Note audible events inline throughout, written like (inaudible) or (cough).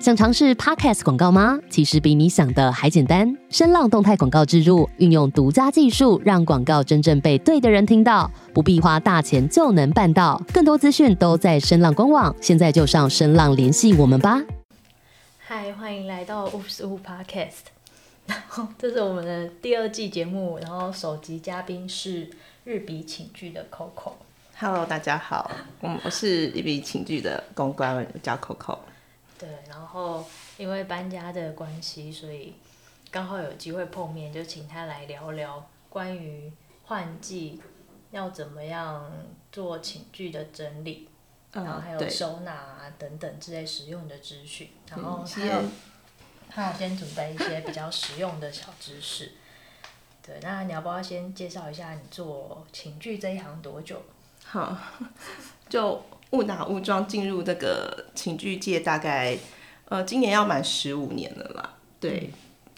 想嘗試 podcast 廣告嗎？其實比你想的還簡單。聲浪動態廣告植入，運用獨家技術，讓廣告真正被對的人聽到，不必花大錢就能辦到。更多資訊都在聲浪官網，現在就上聲浪聯繫我們吧。嗨，歡迎來到 oopsWu Podcast，然後這是我們的第二季節目，然後首集嘉賓是日比寢具的 Coco。Hello，大家好，嗯， (laughs) 我是日比寢具的公關，我叫 Coco。對，然後因為搬家的關係，所以剛好有機會碰面，就請他來聊聊關於換季要怎麼樣做寢具的整理，嗯、然後還有收納、啊、對等等之類實用的資訊。然後他、嗯、要，他要先準備一些比較實用的小知識。 (laughs) 對，那你要不要先介紹一下你做寢具這一行多久？好，就。誤打誤撞進入這個寢具界，大概呃今年要滿十五年了啦。對，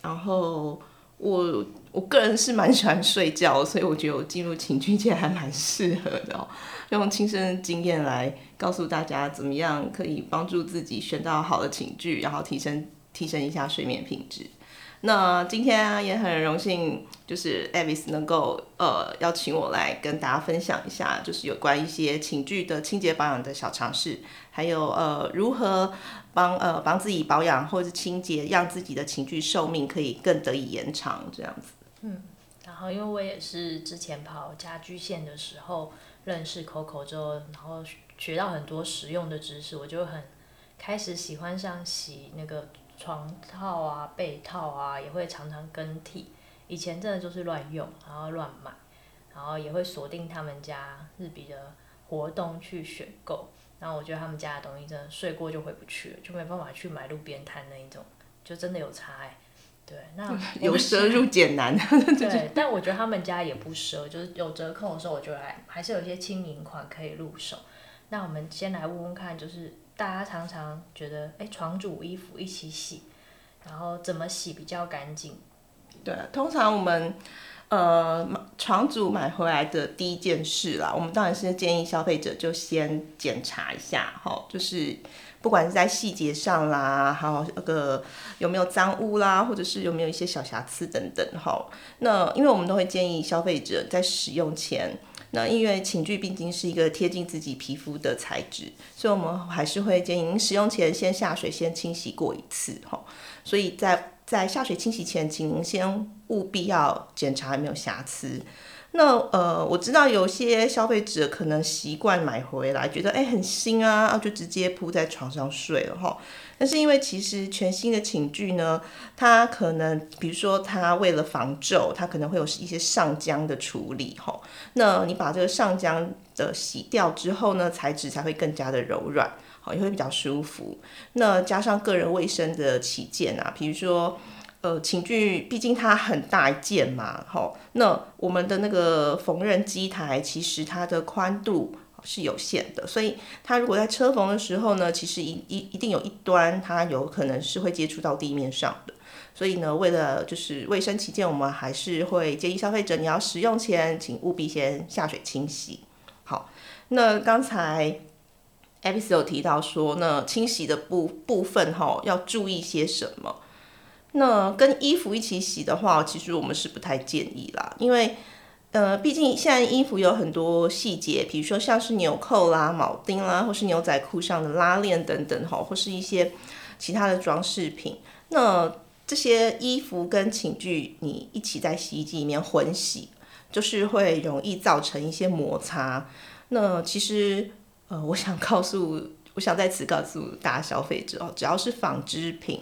然後我我個人是蠻喜歡睡覺，所以我覺得我進入寢具界還蠻適合的哦。用親身經驗來告訴大家，怎麼樣可以幫助自己選到好的寢具，然後提升提升一下睡眠品質。那今天啊，也很榮幸，就是 Avis 能夠呃邀請我來跟大家分享一下，就是有關一些寢具的清潔保養的小常識，還有呃如何幫呃幫自己保養或者是清潔，讓自己的寢具壽命可以更得以延長這樣子。嗯，然後因為我也是之前跑家居線的時候認識 Coco 之後，然後學到很多實用的知識，我就很開始喜歡上洗那個。床套啊、被套啊，也會常常更替。以前真的就是亂用，然後亂買，然後也會鎖定他們家日比的活動去選購。然後我覺得他們家的東西真的睡過就回不去了，就沒辦法去買路邊攤那一種，就真的有差哎、欸。對，那由奢入儉難。對， (laughs) 但我覺得他們家也不奢，就是有折扣的時候我覺得，我就來，還是有一些輕盈款可以入手。那我們先來問問看，就是。大家常常覺得，哎，床組衣服一起洗，然後怎麼洗比較乾淨？對啊，通常我們，呃，床組買回來的第一件事啦，我們當然是建議消費者就先檢查一下，齁，就是不管是在細節上啦，還有那個有沒有髒污啦，或者是有沒有一些小瑕疵等等，齁。那因為我們都會建議消費者在使用前。那因為寢具畢竟是一個貼近自己皮膚的材質，所以我們還是會建議您使用前先下水先清洗過一次。所以在在下水清洗前，請您先務必要檢查有沒有瑕疵。那呃，我知道有些消費者可能習慣買回來，覺得哎、欸、很新啊，就直接鋪在床上睡了哈。但是因為其實全新的寢具呢，它可能比如說它為了防皺，它可能會有一些上漿的處理哈。那你把這個上漿的洗掉之後呢，材質才會更加的柔軟，好，也會比較舒服。那加上個人衛生的起見啊，比如說。呃，寢具畢竟它很大一件嘛，哈、哦，那我們的那個縫紉機台其實它的寬度是有限的，所以它如果在車縫的時候呢，其實一一一定有一端它有可能是會接觸到地面上的，所以呢，為了就是衛生起見，我們還是會建議消費者你要使用前，請務必先下水清洗。好，那剛才 Avis 有提到說，那清洗的部部分哈、哦、要注意些什麼？那跟衣服一起洗的話，其實我們是不太建議啦，因為，呃，畢竟現在衣服有很多細節，比如說像是紐扣啦、鉚釘啦，或是牛仔褲上的拉鏈等等哈、哦，或是一些其他的裝飾品。那這些衣服跟寢具你一起在洗衣機裡面混洗，就是會容易造成一些摩擦。那其實，呃，我想告訴，我想在此告訴大家消費者哦，只要是紡織品。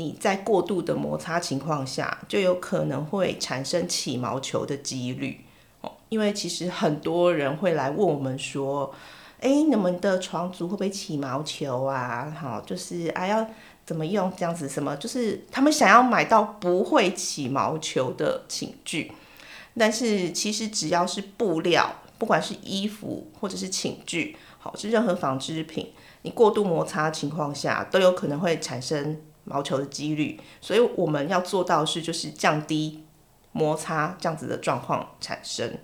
你在過度的摩擦情況下，就有可能會產生起毛球的幾率哦。因為其實很多人會來問我們說：“哎、欸，你們的床組會不會起毛球啊？”好，就是啊，要怎麼用這樣子？什麼？就是他們想要買到不會起毛球的寢具。但是其實只要是布料，不管是衣服或者是寢具，好，是任何紡織品，你過度摩擦情況下都有可能會產生。毛球的幾率，所以我們要做到是就是降低摩擦這樣子的狀況產生。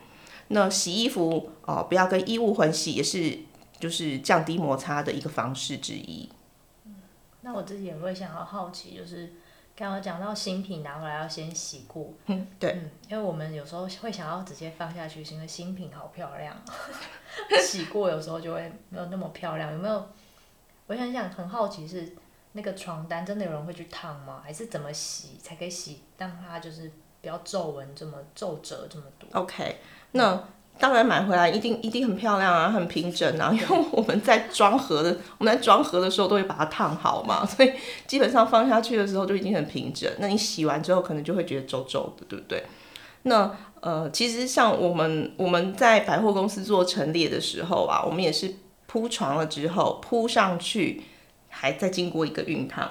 那洗衣服哦，不要跟衣物混洗，也是就是降低摩擦的一個方式之一。嗯、那我自己也會想要好、好奇，就是剛剛講到新品拿回來要先洗過，嗯，對嗯，因為我們有時候會想要直接放下去，因為新品好漂亮， (laughs) 洗過有時候就會沒有那麼漂亮，有沒有？我想想，很好奇是。那個床單真的有人會去燙嗎？還是怎麼洗才可以洗讓它就是不要皺紋這麼皺褶這麼多？OK，那當然買回來一定一定很漂亮啊，很平整啊，對因為我們在裝盒的我們在裝盒的時候都會把它燙好嘛，所以基本上放下去的時候就已經很平整。那你洗完之後可能就會覺得皺皺的，對不對？那呃，其實像我們我們在百貨公司做陳列的時候啊，我們也是鋪床了之後鋪上去。還在經過一個熨燙，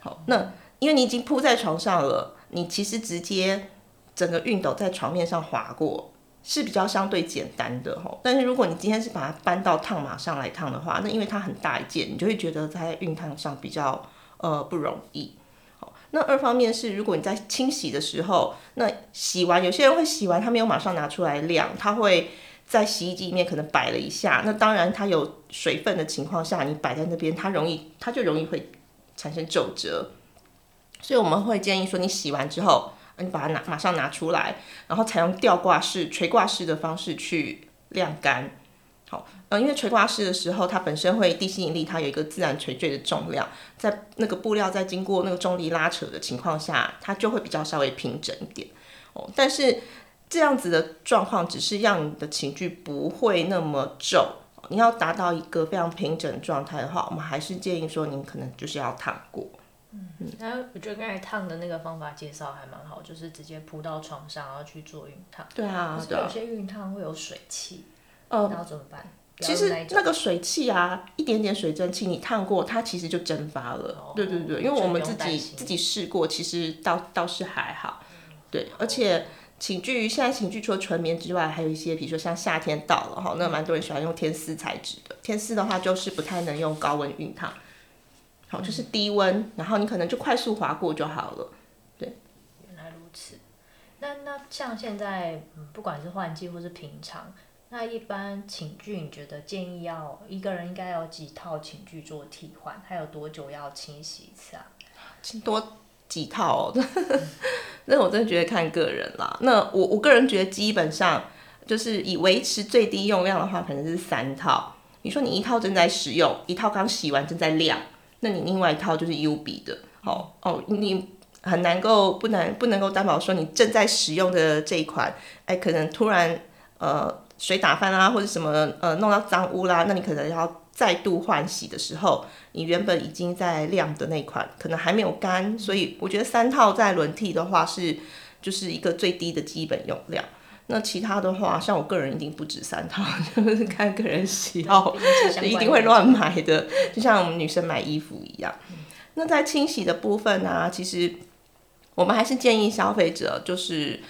好，那因為你已經鋪在床上了，你其實直接整個熨斗在床面上劃過是比較相對簡單的吼，但是如果你今天是把它搬到燙馬上來燙的話，那因為它很大一件，你就會覺得它在熨燙上比較呃不容易。好，那二方面是如果你在清洗的時候，那洗完有些人會洗完，他沒有馬上拿出來晾，他會。在洗衣機裡面可能擺了一下，那當然它有水分的情況下，你擺在那邊，它容易，它就容易會產生皺褶。所以我們會建議說，你洗完之後，你把它拿馬上拿出來，然後採用吊掛式、垂掛式的方式去晾乾。好，嗯，因為垂掛式的時候，它本身會地心引力，它有一個自然垂墜的重量，在那個布料在經過那個重力拉扯的情況下，它就會比較稍微平整一點。哦，但是。這樣子的狀況只是讓你的寢具不會那麼皺。你要達到一個非常平整狀態的話，我們還是建議說，您可能就是要燙過。嗯，然後我覺得剛才燙的那個方法介紹還蠻好，就是直接鋪到床上然後去做熨燙。對啊，有些熨燙會有水汽，嗯、那要怎麼辦？呃、其實那個水汽啊，一點點水蒸氣，你燙過它其實就蒸發了。哦、對對對，因為我們自己自己試過，其實倒倒是還好。嗯、對，而且。寢具，現在寢具除了純棉之外，還有一些，比如說像夏天到了哈，那個、蠻多人喜歡用天絲材質的。嗯、天絲的話，就是不太能用高溫熨燙，好，就是低溫，嗯、然後你可能就快速滑過就好了。對，原來如此。那那像現在，不管是換季或是平常，那一般寢具，你覺得建議要一個人應該有幾套寢具做替換？還有多久要清洗一次啊？請多。幾套？哦， (laughs) 那我真的覺得看個人啦。那我我個人覺得，基本上就是以維持最低用量的話，可能是三套。你說你一套正在使用，一套剛洗完正在晾，那你另外一套就是優比的。哦哦，你很難夠不，不能不能夠擔保說你正在使用的這一款，哎、欸，可能突然呃水打翻啦，或者什麼呃弄到髒污啦，那你可能要，再度換洗的時候，你原本已經在晾的那款可能還沒有乾，所以我覺得三套在輪替的話是就是一個最低的基本用量。那其他的話，像我個人一定不止三套，就是看個人喜好，一定會亂買的，對就像我們女生買衣服一樣。那在清洗的部分呢，啊，其實我們還是建議消費者就是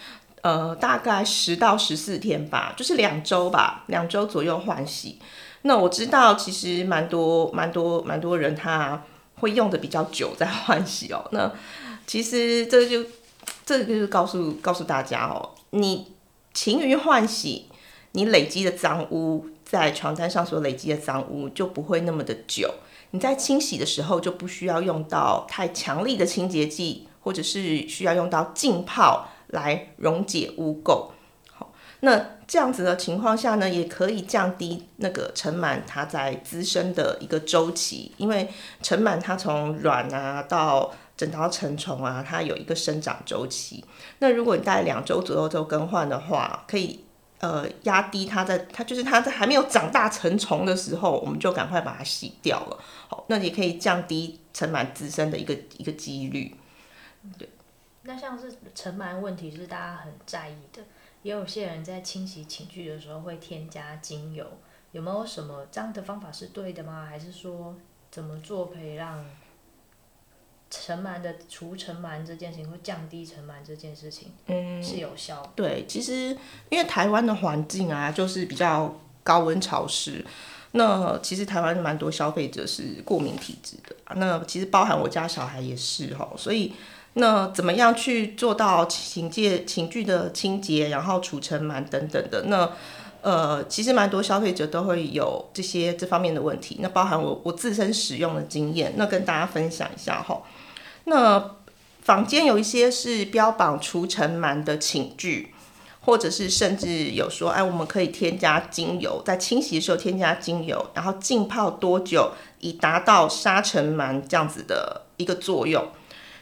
呃大概十到十四天吧，就是兩周吧，兩周左右換洗。那我知道，其實蠻多、蠻多、蠻多人他會用的比較久再換洗哦。那其實這就這個就是告訴告訴大家哦，你勤於換洗，你累積的髒污在床單上所累積的髒污就不會那麼的久。你在清洗的時候就不需要用到太強力的清潔劑，或者是需要用到浸泡來溶解污垢。那這樣子的情況下呢，也可以降低那個塵蟎它在滋生的一個週期，因為塵蟎它從卵啊到整條成蟲啊，它有一個生長週期。那如果你在兩周左右就更換的話，可以呃壓低它在它就是它在還沒有長大成蟲的時候，我們就趕快把它洗掉了。好，那也可以降低塵蟎滋生的一個一個幾率。對，那像是塵蟎問題是大家很在意的。也有些人在清洗寢具的時候會添加精油，有沒有什麼這樣的方法是對的嗎？還是說怎麼做可以讓塵蟎的除塵蟎這件事情，或降低塵蟎這件事情，是有效？嗯，對，其實因為台灣的環境啊，就是比較高溫潮濕，那其實台灣蠻多消費者是過敏體質的，那其實包含我家小孩也是哈，所以。那怎麼樣去做到清潔寢具的清潔，然後除塵蟎等等的？那呃，其實蠻多消費者都會有這些這方面的問題。那包含我我自身使用的經驗，那跟大家分享一下哈。那坊間有一些是標榜除塵蟎的寢具，或者是甚至有說，哎，我們可以添加精油，在清洗的時候添加精油，然後浸泡多久以達到殺塵蟎這樣子的一個作用。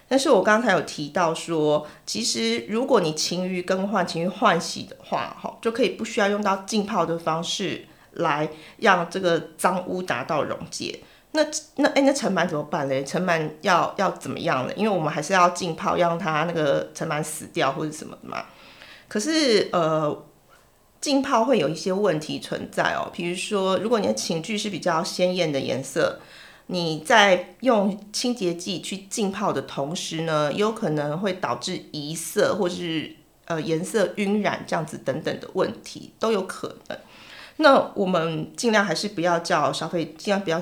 但是我剛才有提到說，其實如果你勤於更換、勤於換洗的話，就可以不需要用到浸泡的方式來讓這個髒污達到溶解。那那誒，那塵蟎怎麼辦嘞？塵蟎要要怎麼樣嘞？因為我們還是要浸泡，讓它那個塵蟎死掉或者什麼的嘛。可是呃，浸泡會有一些問題存在哦，比如說，如果你的寢具是比較鮮豔的顏色。你在用清潔劑去浸泡的同時呢，也有可能會導致移色或是呃顏色暈染這樣子等等的問題都有可能。那我們盡量還是不要叫消費，盡量不要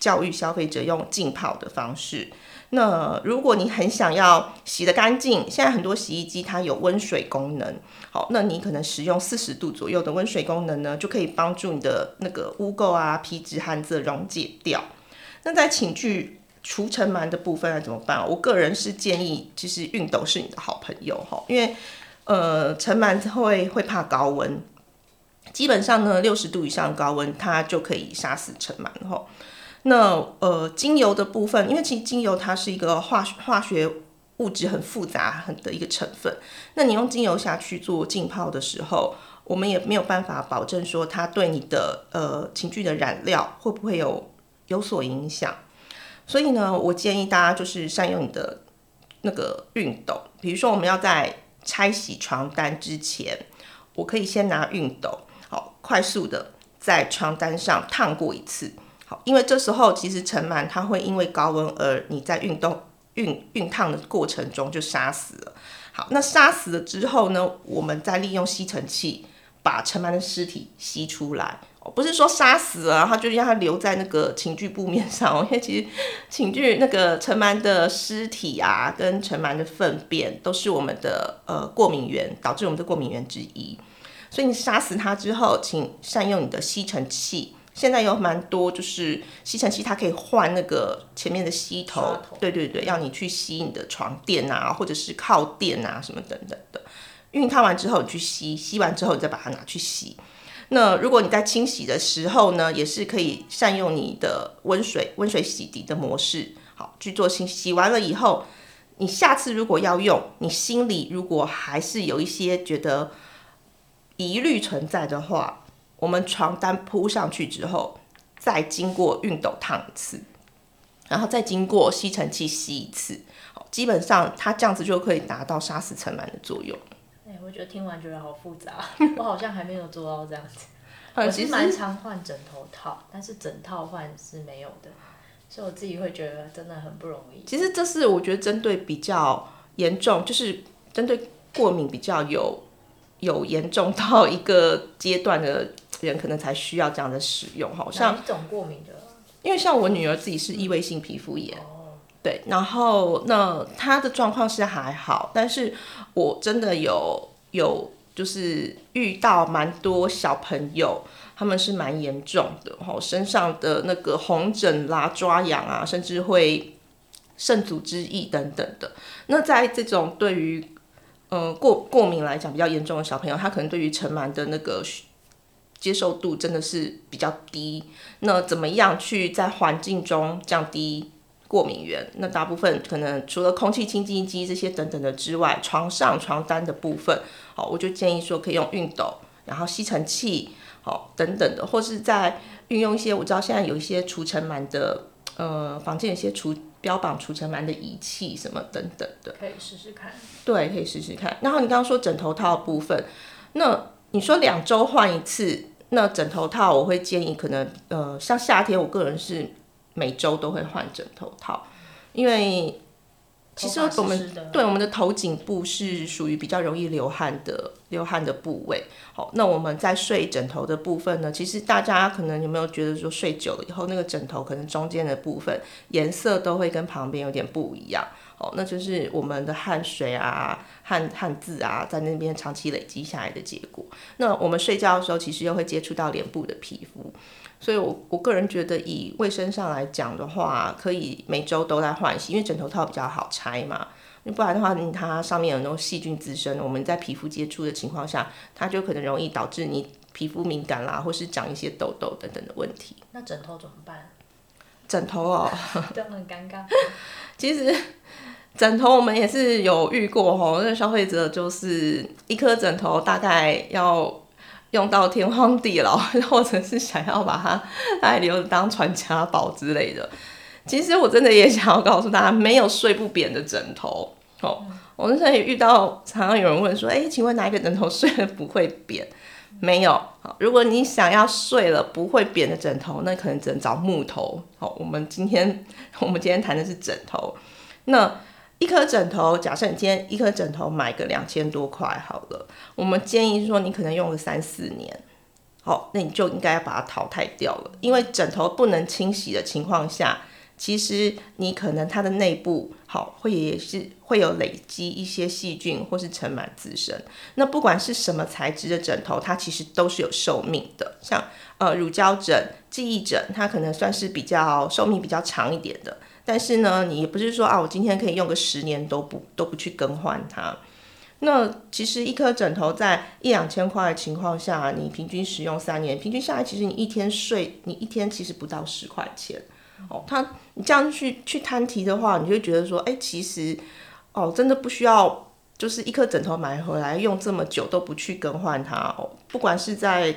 教育消費者用浸泡的方式。那如果你很想要洗得乾淨，現在很多洗衣機它有溫水功能，好，那你可能使用四十度左右的溫水功能呢，就可以幫助你的那個污垢、啊、皮脂汗漬溶解掉。那在寢具除塵蟎的部分啊，怎麼辦？我個人是建議，其實熨斗是你的好朋友哈，因為呃，塵蟎會會怕高溫，基本上呢，六十度以上高溫它就可以殺死塵蟎哈。那呃，精油的部分，因為其精油它是一個化化學物質很複雜的一個成分，那你用精油下去做浸泡的時候，我們也沒有辦法保證說它對你的呃寢具的染料會不會有。有所影響，所以呢，我建議大家就是善用你的那個熨斗，比如說我們要在拆洗床單之前，我可以先拿熨斗，好，快速的在床單上燙過一次，好，因為這時候其實塵蟎它會因為高溫而你在熨斗，熨熨燙的過程中就殺死了，好，那殺死了之後呢，我們再利用吸塵器把塵蟎的屍體吸出來。不是說殺死啊，然後就讓它留在那個寢具布面上。因為其實寢具那個塵蟎的屍體啊，跟塵蟎的糞便都是我們的呃過敏源，導致我們的過敏源之一。所以你殺死它之後，請善用你的吸塵器。現在有蠻多就是吸塵器，它可以換那個前面的吸頭。頭對對對，要你去吸你的床墊啊，或者是靠墊啊什麼等等的。熨燙完之後，你去吸，吸完之後你再把它拿去洗。那如果你在清洗的時候呢，也是可以善用你的溫水溫水洗滌的模式，好，去做清洗。洗完了以後，你下次如果要用，你心裡如果還是有一些覺得疑慮存在的話，我們床單鋪上去之後，再經過熨斗燙一次，然後再經過吸塵器吸一次，好，基本上它這樣子就可以達到殺死塵蟎的作用。我覺得聽完覺得好複雜，我好像還沒有做到這樣子。 (laughs) 呃、我其實蠻常換枕頭套，但是枕套換是沒有的，所以我自己會覺得真的很不容易。其實這是我覺得針對比較嚴重，就是針對過敏比較有有嚴重到一個階段的人，可能才需要這樣的使用。好像一種過敏的，因為像我女兒自己是異位性皮膚炎，嗯哦、對，然後那她的狀況是還好，但是我真的有。有就是遇到蠻多小朋友，他們是蠻嚴重的吼、哦、身上的那個紅疹啦、抓癢啊，甚至會滲組織液等等的。那在這種對於呃過過敏來講比較嚴重的小朋友，他可能對於塵蟎的那個接受度真的是比較低。那怎麼樣去在環境中降低過敏源？那大部分可能除了空氣清淨機這些等等的之外，床上床單的部分，好，我就建議說可以用熨斗，然後吸塵器，好，等等的，或是再運用一些我知道現在有一些除塵蟎的，呃，房間有些除標榜除塵蟎的儀器什麼等等的，可以試試看。對，可以試試看。然後你剛剛說枕頭套的部分，那你說兩週換一次，那枕頭套我會建議可能，呃，像夏天我個人是每週都會換枕頭套，因為。其實我們對我們的頭頸部是屬於比較容易流汗的流汗的部位。好，那我們在睡枕頭的部分呢？其實大家可能有沒有覺得說，睡久了以後，那個枕頭可能中間的部分顏色都會跟旁邊有點不一樣。哦，那就是我們的汗水啊、汗汗漬啊，在那邊長期累積下來的結果。那我們睡覺的時候，其實又會接觸到臉部的皮膚，所以我，我我個人覺得，以衛生上來講的話，可以每周都在換洗，因為枕頭套比較好拆嘛。不然的話，嗯，它上面有那種細菌滋生，我們在皮膚接觸的情況下，它就可能容易導致你皮膚敏感啦，或是長一些痘痘等等的問題。那枕頭怎麼辦？枕頭哦， (laughs) 都很尷尬。 (laughs) 其實。枕頭我們也是有遇過吼、喔，那消費者就是一顆枕頭大概要用到天荒地老，或者是想要把它來留着當傳家寶之類的。其實我真的也想要告訴大家，沒有睡不扁的枕頭。哦、喔，我們現在也遇到常常有人問說，哎、欸，請問哪一個枕頭睡了不會扁？沒有。好，如果你想要睡了不會扁的枕頭，那可能只能找木頭。好、喔，我們今天我們今天談的是枕頭，那。一顆枕頭，假設你今天一顆枕頭買個兩千多塊好了，我們建議說你可能用了三四年，好，那你就應該要把它淘汰掉了，因為枕頭不能清洗的情況下，其實你可能它的內部好會也是會有累積一些細菌或是塵蟎滋生。那不管是什麼材質的枕頭，它其實都是有壽命的，像呃乳膠枕、記憶枕，它可能算是比較壽命比較長一點的。但是呢，你也不是說啊，我今天可以用個十年都不都不去更換它。那其實一顆枕頭在一兩千塊的情況下，你平均使用三年，平均下來其實你一天睡你一天其實不到十塊錢哦。它你這樣去去攤提的話，你就會覺得說，哎，其實哦，真的不需要，就是一顆枕頭買回來用這麼久都不去更換它哦，不管是在。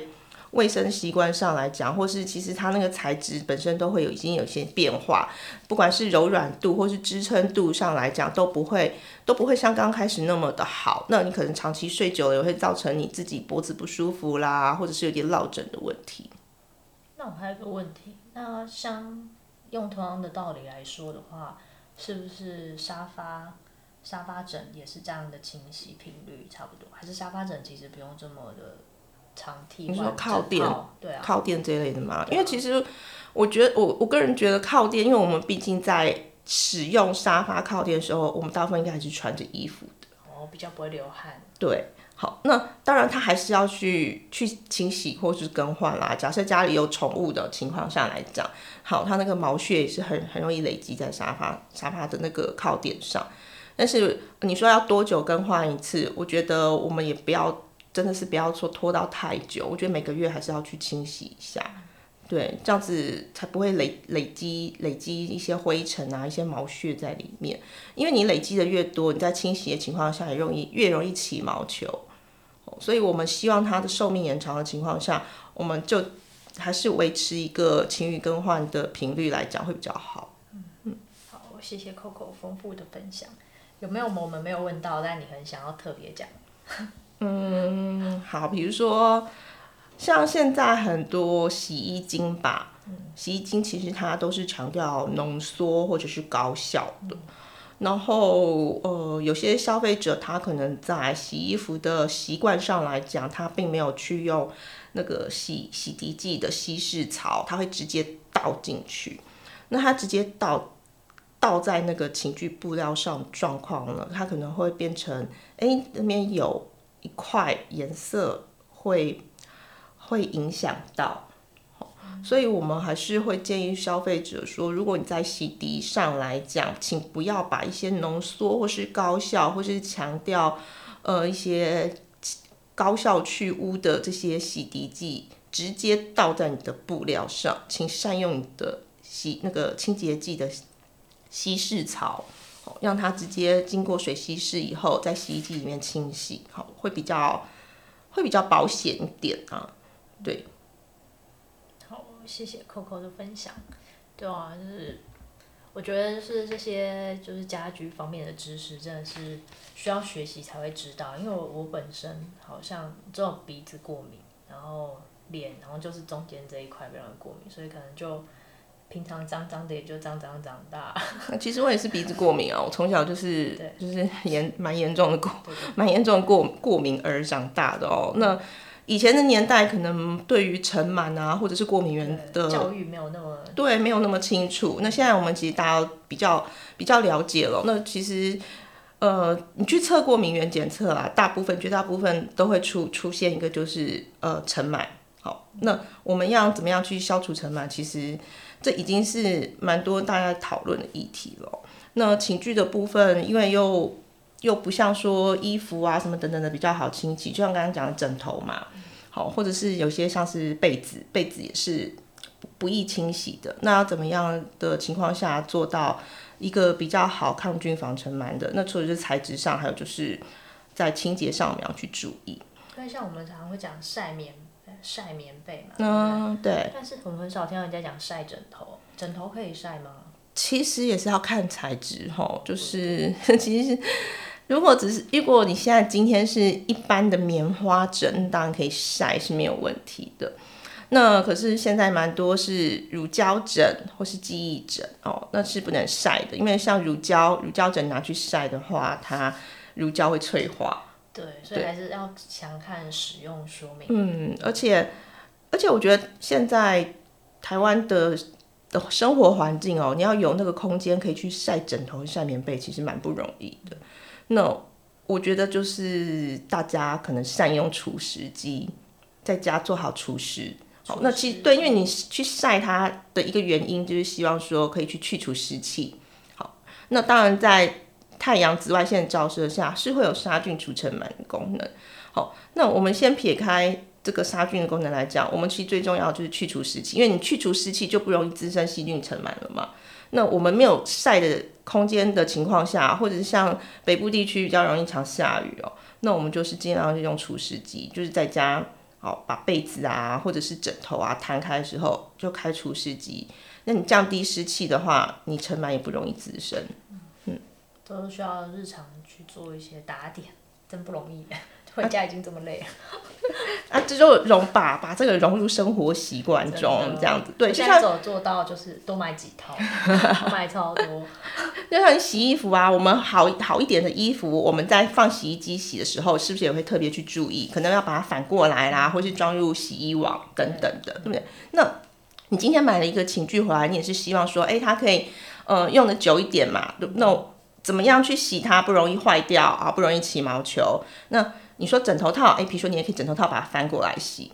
衛生習慣上來講，或是其實它那個材質本身都會有已經有一些變化，不管是柔軟度或是支撐度上來講都不會都不會像剛開始那麼的好。那你可能長期睡久了，也會造成你自己脖子不舒服啦，或者是有點落枕的問題。那我還有一個問題，那像用同樣的道理來說的話，是不是沙發沙發枕也是這樣的清洗頻率差不多？還是沙發枕其實不用這麼的？你說靠墊，靠墊這類的嘛，啊、因為其實我覺得我我個人覺得靠墊，因為我們畢竟在使用沙發靠墊的時候，我們大部分應該還是穿着衣服的，哦，比較不會流汗。對，好，那當然它還是要去去清洗或是更換啦。假設家裡有寵物的情況下來講，好，它那個毛屑也是很很容易累積在沙發沙發的那個靠墊上。但是你說要多久更換一次？我覺得我們也不要。真的是不要說拖到太久，我覺得每個月還是要去清洗一下，對，這樣子才不會累累積累積一些灰塵啊，一些毛屑在裡面。因為你累積的越多，你在清洗的情況下也容易越容易起毛球。所以我們希望它的壽命延長的情況下，我們就還是維持一個勤於更換的頻率來講會比較好。嗯嗯，好，謝謝 Coco 豐富的分享。有沒有我們沒有問到，但你很想要特別講？ (laughs) 嗯，好，比如說像現在很多洗衣精吧，洗衣精其實它都是強調濃縮或者是高效的。然後呃，有些消費者他可能在洗衣服的習慣上來講，他並沒有去用那個洗洗滌劑的稀釋槽，他會直接倒進去。那他直接倒倒在那個寢具布料上，狀況了，他可能會變成哎那邊有。一塊顏色會會影響到，所以我們還是會建議消費者說，如果你在洗滌上來講，請不要把一些濃縮或是高效或是強調呃一些高效去污的這些洗滌劑直接倒在你的布料上，請善用你的洗那個清潔劑的稀釋槽，讓它直接經過水稀釋以後，在洗衣機裡面清洗，好，會比較會比較保險一點啊。對，好，謝謝 Coco 的分享。對啊，就是我覺得是這些就是家居方面的知識，真的是需要學習才會知道。因為我，我本身好像這種鼻子過敏，然後臉，然後就是中間這一塊比較過敏，所以可能就。平常髒髒的，也就髒髒長大、啊。 (laughs) 其實我也是鼻子過敏啊、哦， (laughs) 我從小就是對就是嚴蠻嚴重的過蠻嚴重的過過敏而長大的哦。那以前的年代，可能對於塵蟎啊，或者是過敏原的教育沒有那麼對，沒有那麼清楚。那現在我們其實大家比較比較了解了、哦。那其實呃，你去測過敏原檢測啊，大部分絕大部分都會出出現一個就是呃塵蟎。好，那我們要怎麼樣去消除塵蟎？其實。這已經是蠻多大家討論的議題了。那寢具的部分，因為又又不像說衣服啊什麼等等的比較好清洗，就像剛剛講的枕頭嘛，好、嗯，或者是有些像是被子，被子也是不易清洗的。那要怎麼樣的情況下做到一個比較好抗菌防塵蟎的？那除了是材質上，還有就是在清潔上我們要去注意。那像我們常常會講曬棉。曬棉被嘛，嗯，對，但是我們很少聽到人家講曬枕頭，枕頭可以曬嗎？其實也是要看材質吼，哦，就是其實如果只是，如果你現在今天是一般的棉花枕，當然可以曬是沒有問題的。那可是現在蠻多是乳膠枕或是記憶枕哦，那是不能曬的，因為像乳膠、乳膠枕拿去曬的話，它乳膠會脆化。對，所以還是要詳看使用說明。嗯，而且，而且我覺得現在台灣的的生活環境哦，你要有那個空間可以去曬枕頭、曬棉被，其實蠻不容易的。那、no, 我覺得就是大家可能善用除濕機，哦、在家做好除濕。好，那其實對，因為你去曬它的一個原因就是希望說可以去去除濕氣。好，那當然在。太陽紫外線照射下是會有殺菌除塵蟎的功能。好，那我們先撇開這個殺菌的功能來講，我們其實最重要就是去除濕氣，因為你去除濕氣就不容易滋生細菌塵蟎了嘛。那我們沒有曬的空間的情況下，或者是像北部地區比較容易常下雨哦、喔，那我們就是儘量用除濕機，就是在家好把被子啊或者是枕頭啊攤開的時候就開除濕機。那你降低濕氣的話，你塵蟎也不容易滋生。都需要日常去做一些打點，真不容易。回家已經這麼累了，啊，這就融把把這個融入生活習慣中，的這樣子對。現在所做到就是多買幾套， (laughs) 都買超多。 (laughs) 就像你洗衣服啊，我們好好一點的衣服，我們在放洗衣機洗的時候，是不是也會特別去注意？可能要把它反過來啦，或是裝入洗衣網等等的，對不對？對對，那你今天買了一個寢具回來，你也是希望說，哎、欸，它可以，嗯、呃，用得久一點嘛？那。怎麼樣去洗它不容易壞掉啊，不容易起毛球？那你說枕頭套，哎，比如說你也可以枕頭套把它翻過來洗，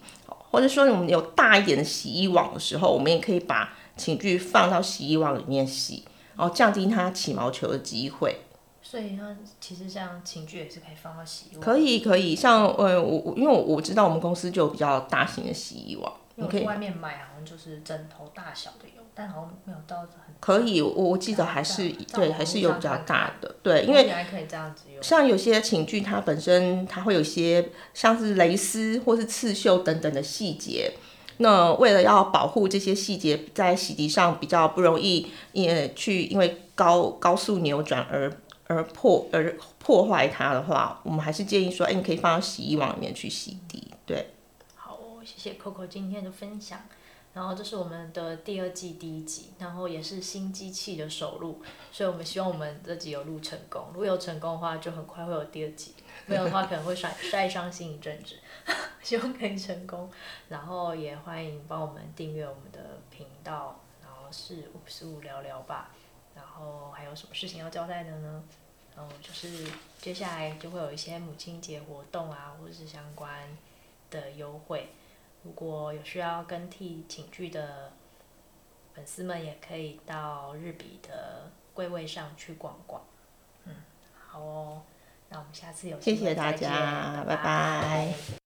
或者說我們有大一點的洗衣網的時候，我們也可以把寢具放到洗衣網裡面洗，然後降低它起毛球的機會。所以呢，其實像寢具也是可以放到洗衣網。可以可以，像呃我我，因為我知道我們公司就有比較大型的洗衣網。你可以外面買，好像就是枕頭大小的有，但好像沒有到很大。可以大，我我記得還是對，還是有比較大的，對，因為可以這樣子用。像有些寢具，它本身它會有些像是蕾絲或是刺繡等等的細節，那為了要保護這些細節在洗滌上比較不容易，也去因為高高速扭轉而而破而破壞它的話，我們還是建議說，哎，你可以放到洗衣網裡面去洗滌，對。謝謝 Coco 今天的分享，然後這是我們的第二季第一集，然後也是新機器的首錄，所以我們希望我們這集有錄成功，如果有成功的話，就很快會有第二集，沒有的話可能會衰衰傷心一陣子，希望可以成功。然後也歡迎幫我們訂閱我們的頻道，然後是 oopsWu 聊聊吧。然後還有什麼事情要交代的呢？然後就是接下來就會有一些母親節活動啊，或者是相關的優惠。如果有需要更替寢具的粉絲們，也可以到日比的櫃位上去逛逛。嗯，好哦，那我們下次有謝謝大家，拜拜。拜拜拜拜。